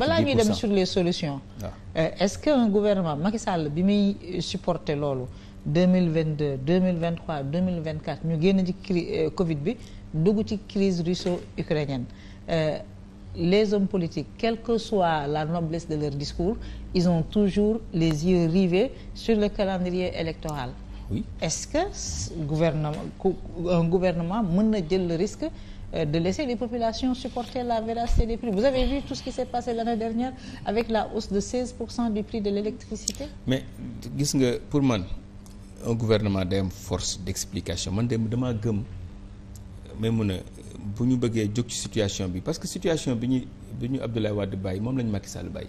balaa ñuy dem sur les solutions ah. euh, est-ce que un gouvernement Macky Sall bi muy supporter loolu deux mille vingt deux deux mille vingt trois deux mille vingt quatre ñu génn ci cri euh, Covid bi dugg ci crise russo-ukrainienne euh, les hommes politiques quelle que soit la noblesse de leur discours ils ont toujours les yeux rivés sur le calendrier électoral est-ce que gouvernement un gouvernement mën na jël le risque Euh, de laisser les populations supporter la véracité des prix. Vous avez vu tout ce qui s'est passé l'année dernière avec la hausse de du prix de l'électricité mais gis nga pour man un gouvernement day am force d'explication man de damaa gëm mais mun a bu ñu bëggee jóg ci situation bi parce que situation bi ñu bi ñu Abdoulaye Wade bàyyi moom la ñu Macky Sall bàyyi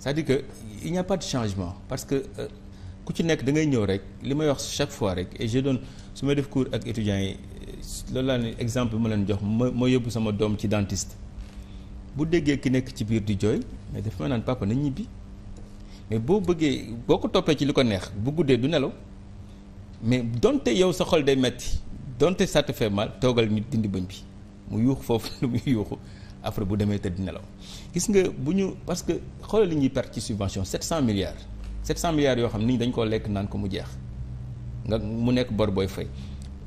cest dire que i n'y pas de changement parce que euh, ku ci nekk da ngay ñëw rek li may wax chaque fois rek et je donne def cours ak étudiants yi loolu laa ne exemple ma leen jox ma ma yóbbu sama doom ci dentiste bu déggee ki nekk ci biir di jooy mais daf ma naan papa na ñibbi mais boo bëggee boo ko toppee ci li ko neex bu guddee du nelaw mais donte yow sa xol day metti donte ça fait mal toogal nit dindi bëñ bi mu yuux foofu lu muy yuuxu après bu demee tëdd nelaw gis nga bu ñu parce que xoolal li ñuy perte ci subvention 700 milliards 700 milliards yoo xam ni dañ koo lekk naan ko mu jeex nga mu nekk bor booy fay.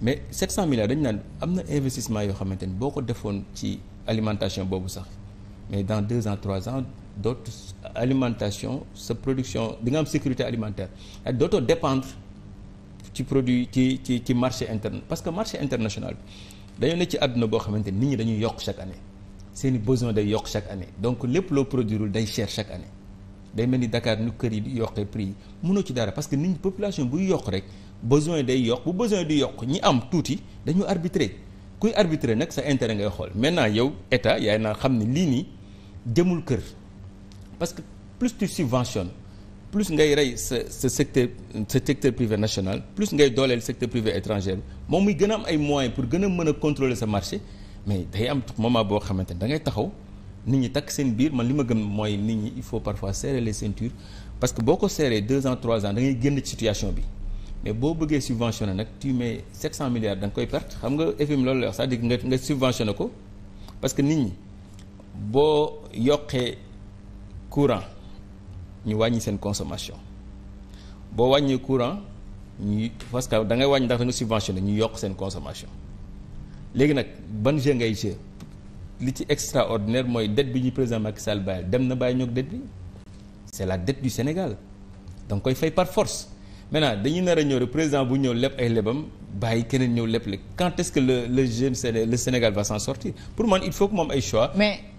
mais 700 milliards dañu naan am na investissement yoo xamante ni boo ko defoon ci alimentation boobu sax mais dans deux ans trois ans d'autres alimentation sa production di nga am sécurité alimentaire ak dootoo dépendre ci produit ci ci ci marché interne parce que marché international bi dañoo ne ci àdduna boo xamante ni nit ñi dañuy yokk chaque année seeni besoin day yokk chaque année donc lépp loo produirul day cher chaque année day mel ni Dakar nu kër yi di yokkee prix yi mënoo ci dara parce que nit population buy yokk rek. besoin day yokk bu besoin di yokk ñi am tuuti dañu arbitrer kuy arbitrer nag sa intérêt ngay xool maintenant yow état yaay naa xam ne lii nii jëmul kër parce que plus tu subventionnes plus ngay rey sa sa secteur sa secteur privé national plus ngay dooleel secteur privé étranger bi moom muy gën am ay moyen pour gën a mën a contrôler sa marché mais day am moment boo xamante ne da ngay taxaw nit ñi takk seen biir man li ma gën mooy nit ñi il faut parfois serrer les ceintures parce que boo ko serré deux ans trois ans da ngay génn situation bi mais boo bëggee subventionné nag tu mets 700 milliards da nga koy perte xam nga FMI loolu la wax c'est-à-dire nga nga subventionné ko parce que nit ñi boo yokkee courant ñu wàññi seen consommation boo wàññee courant ñu parce que da ngay wàññi ndax da nga subventionné ñu yokk seen consommation léegi nag ban jeu ngay jeu li ci extraordinaire mooy dette bi ñu président Macky Sall bàyyi dem na bàyyi ñoog dette bi c'est la dette du Sénégal da koy fay par force maintenant dañuy nar a ñëw rek président bu ñëw leb ay lebam bàyyi keneen ñëw leb la quand est-ce que le le jeune le Sénégal va s'en sortir pour man il faut que moom ay choix. mais